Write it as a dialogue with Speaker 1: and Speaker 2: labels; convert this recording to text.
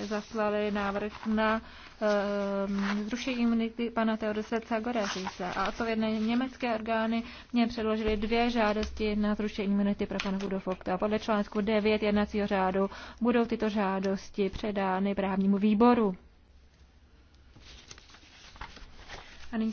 Speaker 1: zaslali návrh na ehm, zrušení imunity pana Teodose Cagorazise a to jedné německé orgány mě předložily dvě žádosti na zrušení imunity pro pana a Podle článku 9 jednacího řádu budou tyto žádosti předány právnímu výboru.
Speaker 2: A nyní se